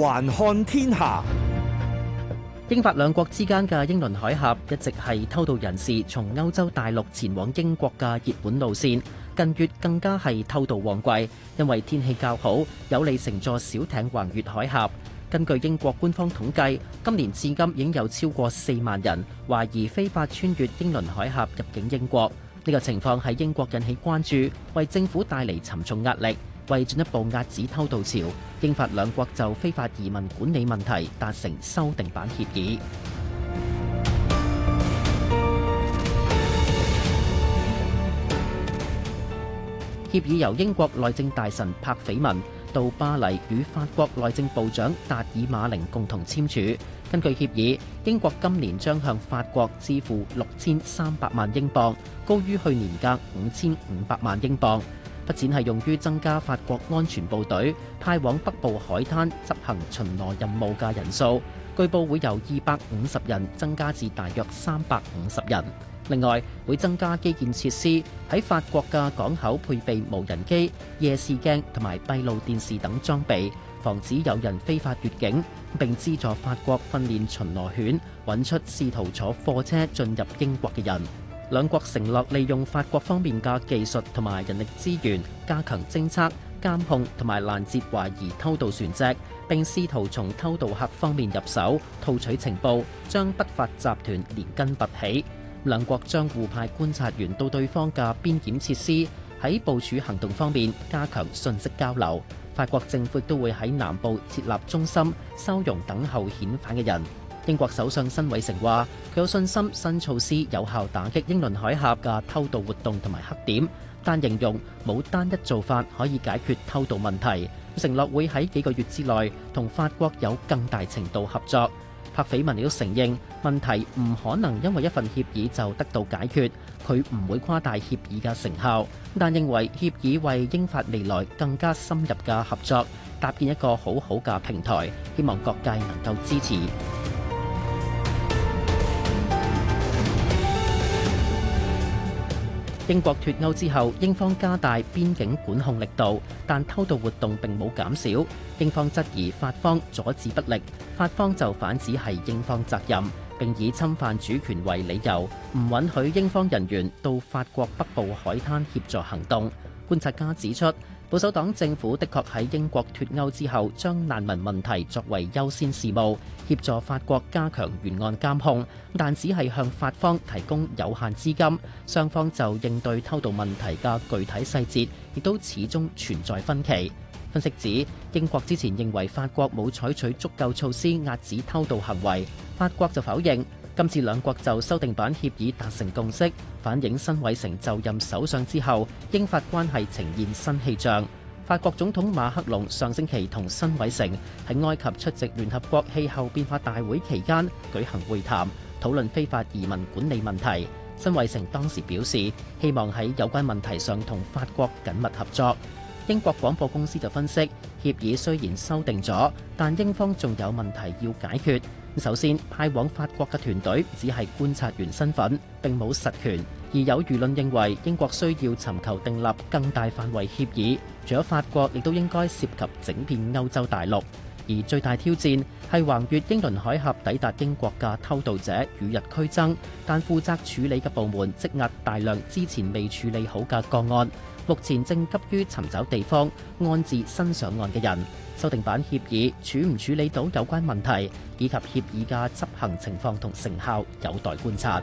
環看天下，英法兩國之間嘅英倫海峽一直係偷渡人士從歐洲大陸前往英國嘅熱門路綫。近月更加係偷渡旺季，因為天氣較好，有利乘坐小艇橫越海峽。根據英國官方統計，今年至今已經有超過四萬人懷疑非法穿越英倫海峽入境英國。呢個情況喺英國引起關注，為政府帶嚟沉重壓力。為進一步遏止偷渡潮，英法兩國就非法移民管理問題達成修訂版協議。協議由英國內政大臣柏斐文到巴黎與法國內政部長達爾馬寧共同簽署。根據協議，英國今年將向法國支付六千三百萬英鎊，高於去年嘅五千五百萬英鎊。發展係用於增加法國安全部隊派往北部海灘執行巡邏任務嘅人數，據報會由二百五十人增加至大約三百五十人。另外，會增加基建設施喺法國嘅港口配備無人機、夜視鏡同埋閉路電視等裝備，防止有人非法越境，並資助法國訓練巡邏犬搵出試圖坐貨車進入英國嘅人。兩國承諾利用法國方面嘅技術同埋人力資源，加強偵測監控同埋攔截懷疑偷渡船隻，並試圖從偷渡客方面入手套取情報，將不法集團連根拔起。兩國將互派觀察員到對方嘅邊檢設施，喺部署行動方面加強信息交流。法國政府都會喺南部設立中心，收容等候遣返嘅人。英國首相辛偉誠話，佢有信心新措施有效打擊英倫海峽嘅偷渡活動同埋黑點，但形容冇單一做法可以解決偷渡問題。承諾會喺幾個月之內同法國有更大程度合作。帕斐文亦都承認問題唔可能因為一份協議就得到解決，佢唔會誇大協議嘅成效，但認為協議為英法未來更加深入嘅合作搭建一個好好嘅平台，希望各界能夠支持。英國脱歐之後，英方加大邊境管控力度，但偷渡活動並冇減少。英方質疑法方阻止不力，法方就反指係英方責任，並以侵犯主權為理由，唔允許英方人員到法國北部海灘協助行動。觀察家指出，保守黨政府的確喺英國脱歐之後，將難民問題作為優先事務，協助法國加強沿岸監控，但只係向法方提供有限資金。雙方就應對偷渡問題嘅具體細節，亦都始終存在分歧。分析指，英國之前認為法國冇採取足夠措施遏止偷渡行為，法國就否認。今次兩國就修訂版協議達成共識反映辛偉誠就任首相之後英法關係呈現新氣象法國總統馬克龍上星期與辛偉誠在首先，派往法國嘅團隊只係觀察員身份，並冇實權，而有輿論認為英國需要尋求訂立更大範圍協議，除咗法國，亦都應該涉及整片歐洲大陸，而最大挑戰係橫越英倫海峽抵達英國嘅偷渡者，與日俱增，但負責處理嘅部門積壓大量之前未處理好嘅個案，目前正急於尋找地方安置新上岸嘅人。修訂版協議處唔處理到有關問題，以及協議嘅執行情況同成效有待觀察。